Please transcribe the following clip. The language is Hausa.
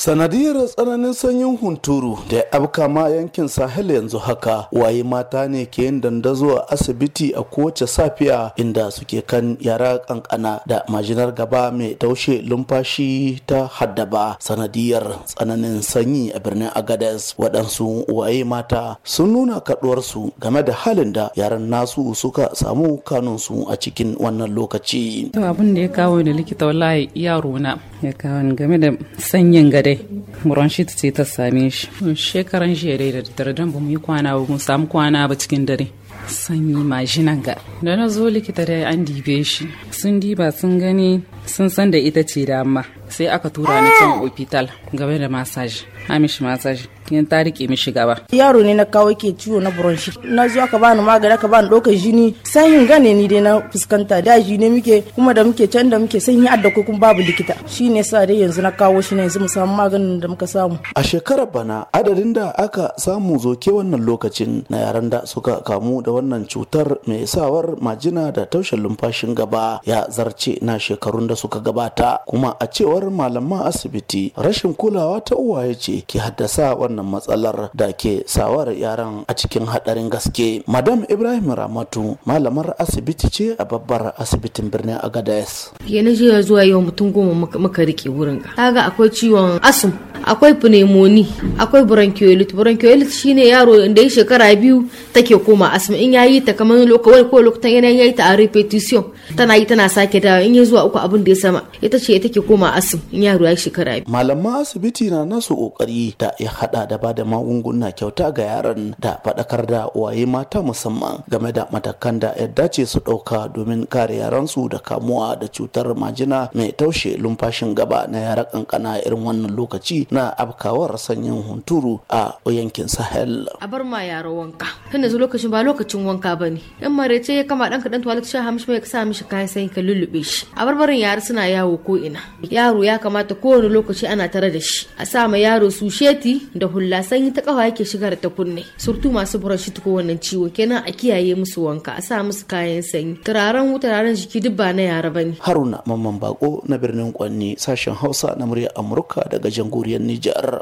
sanadiyar tsananin sanyin hunturu da ya abka ma yankin sahel yanzu haka waye mata ne ke yin dandazo a asibiti a kowace safiya inda suke kan yara kankana da majinar gaba mai taushe lumfashi ta haddaba sanadiyar tsananin sanyi a birnin agadas waɗansu waye mata sun nuna kaɗuwarsu game da halin da yaran nasu suka samu kanunsu a cikin wannan lokaci abin da ya kawo da likita wallahi yaro na ya kawo game da sanyin gadai ta ce ta same shi shekaran jiya dai da daddare don bamu yi kwana ba mu samu kwana ba cikin dare sanyi majinan ga da na zo likita da an dibe shi sun diba sun gani sun san da ita ce da amma. sai aka tura ni can ofital game da masaji amishi massage yan ta rike mishi gaba yaro ne na kawo ke ciwo na bronchi na zuwa ka bani magani ka bani dokar jini sanyin gane ni dai na fuskanta da ne muke kuma da muke can da muke sanyi adda ko kuma babu likita shine sa dai yanzu na kawo shi ne yanzu mu samu maganin da muka samu a shekarar bana adadin da aka samu zoke wannan lokacin na yaran da suka kamu da wannan cutar mai sawar majina da taushen lumfashin gaba ya zarce na shekarun da suka gabata kuma a cewar malama malaman asibiti rashin kulawa ta uwaye ce ke haddasa wannan matsalar da ke sawar yaran a cikin hadarin gaske madam ibrahim ramatu malamar asibiti ce a babbar asibitin birnin agadez ya na zuwa yau mutum goma muka rike wurin ka. kaga akwai ciwon asum akwai pneumonia akwai bronchiolitis bronchiolitis shine yaro da ya shekara biyu take koma asma in yayi ta kamar lokacin ko lokacin yana yayi ta a repetition tana yi tana sake dawa in ya zuwa uku abin da ya sama ita ce take koma asma in yaro ya shekara biyu malaman asibiti na nasu kokari da ya hada da bada magunguna kyauta ga yaran da fadakar da waye mata musamman game da matakan da ya dace su dauka domin kare yaran su da kamuwa da cutar majina mai taushe lumfashin gaba na yara kankana irin wannan lokaci na afkawar sanyin hunturu a yankin sahel a bar ma yaro wanka tun yanzu lokacin ba lokacin wanka ba ne in ce ya kama ɗan kaɗan tuwalet sha hamishi mai sa mishi kayan sanyi ka lullube shi a barbarin yara suna yawo ko ina yaro ya kamata kowane lokaci ana tare da shi a sa ma yaro su sheti da hulla sanyi ta kafa yake shigar ta kunne surtu masu burashi ko wannan ciwo kenan a kiyaye musu wanka a sa musu kayan sanyi turaren turaren jiki duk ba na yara bane haruna mamman bako na birnin kwanni sashen hausa na murya amurka daga jamhuriyar Nijar